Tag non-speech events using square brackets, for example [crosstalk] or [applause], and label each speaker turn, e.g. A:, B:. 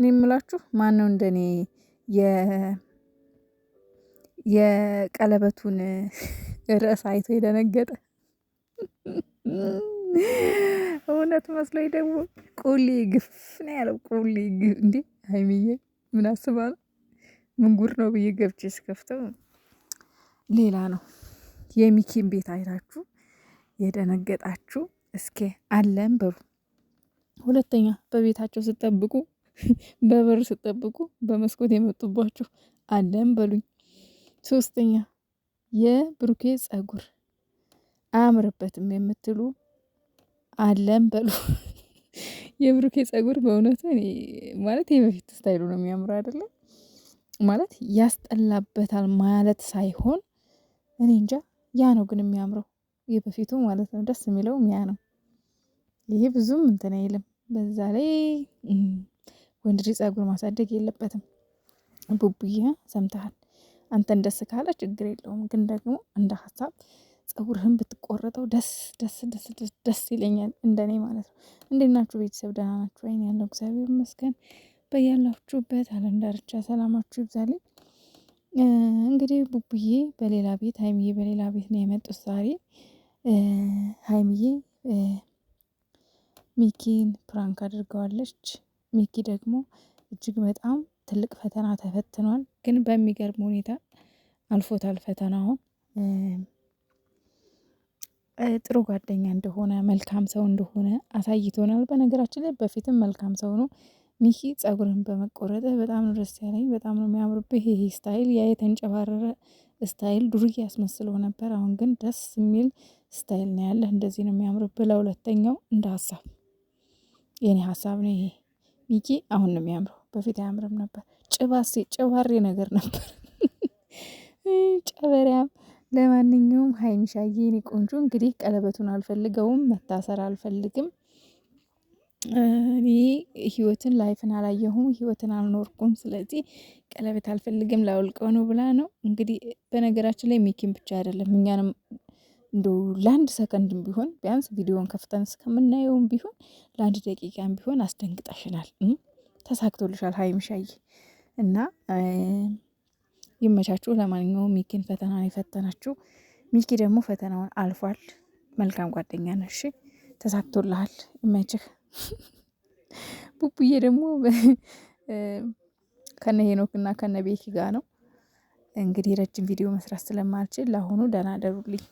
A: እኔ የምላችሁ ነው እንደኔ የቀለበቱን ርዕስ አይቶ የደነገጠ? እውነት መስሎ ደግሞ ቁሌ ግፍ ነው ያለው። ቁሌ ግፍ እንዴ! ሀይሚዬ ምን አስባ ነው? ምን ጉድ ነው ብዬ ገብቼ ስከፍተው ሌላ ነው። የሚኪን ቤት አይታችሁ የደነገጣችሁ እስኪ አለን በሩ።
B: ሁለተኛ በቤታቸው ስጠብቁ
A: በበር ስጠብቁ በመስኮት የመጡባችሁ አለም በሉኝ። ሶስተኛ የብሩኬ ጸጉር አያምርበትም የምትሉ አለም በሉ። [laughs] የብሩኬ ጸጉር በእውነቱ ማለት የበፊት ስታይሉ ነው የሚያምረው አይደለም ማለት ያስጠላበታል ማለት ሳይሆን እኔ እንጃ ያ ነው ግን የሚያምረው የበፊቱ ማለት ነው። ደስ የሚለውም ያ ነው። ይሄ ብዙም እንትን አይልም። በዛ ላይ ወንድ ልጅ ጸጉር ማሳደግ የለበትም። ቡቡዬ ሰምተሃል። አንተን ደስ ካለ ችግር የለውም፣ ግን ደግሞ እንደ ሀሳብ ጸጉርህን ብትቆረጠው ደስ ደስ ደስ ደስ ይለኛል፣ እንደኔ ማለት ነው። እንዴት ናችሁ ቤተሰብ? ደህና ናችሁ? ወይን ያለው እግዚአብሔር ይመስገን። በያላችሁበት አለም ዳርቻ ሰላማችሁ ይብዛልኝ። እንግዲህ ቡቡዬ በሌላ ቤት፣ ሀይሚዬ በሌላ ቤት ነው የመጡት ዛሬ። ሀይሚዬ ሚኪን ፕራንክ አድርገዋለች። ሚኪ ደግሞ እጅግ በጣም ትልቅ ፈተና ተፈትኗል፣ ግን በሚገርም ሁኔታ አልፎታል ፈተናውን። ጥሩ ጓደኛ እንደሆነ መልካም ሰው እንደሆነ አሳይቶናል። በነገራችን ላይ በፊትም መልካም ሰው ነው ሚኪ። ጸጉርን በመቆረጠ በጣም ነው ደስ ያለኝ። በጣም ነው የሚያምርብህ ይሄ ስታይል። ያ የተንጨባረረ ስታይል ዱርዬ ያስመስለው ነበር። አሁን ግን ደስ የሚል ስታይል ነው ያለህ። እንደዚህ ነው የሚያምርብህ። ለሁለተኛው እንደ ሀሳብ የኔ ሀሳብ ነው ይሄ። ሚኪ አሁን ነው የሚያምረው። በፊት አያምርም ነበር። ጭባሴ ጭባሬ ነገር ነበር። [laughs] ጨበሪያም ለማንኛውም ሀይሚሻዬ የኔ ቆንጆ እንግዲህ ቀለበቱን አልፈልገውም፣ መታሰር አልፈልግም። እኔ ህይወትን ላይፍን አላየሁም፣ ህይወትን አልኖርኩም። ስለዚህ ቀለበት አልፈልግም፣ ላውልቀው ነው ብላ ነው እንግዲህ። በነገራችን ላይ ሚኪን ብቻ አይደለም እኛንም እንደ ለአንድ ሰከንድም ቢሆን ቢያንስ ቪዲዮን ከፍተን እስከምናየውም ቢሆን ለአንድ ደቂቃም ቢሆን አስደንግጠሽናል። ተሳክቶልሻል ሀይምሻዬ እና ይመቻችሁ። ለማንኛውም ሚኪን ፈተና የፈተናችሁ ሚኪ ደግሞ ፈተናውን አልፏል። መልካም ጓደኛ ነሽ፣ ተሳክቶልሃል፣ ይመችህ። ቡቡዬ ደግሞ ከነ ሄኖክና ከነ ቤኪ ጋ ነው። እንግዲህ ረጅም ቪዲዮ መስራት ስለማልችል ለአሁኑ ደህና ደሩልኝ።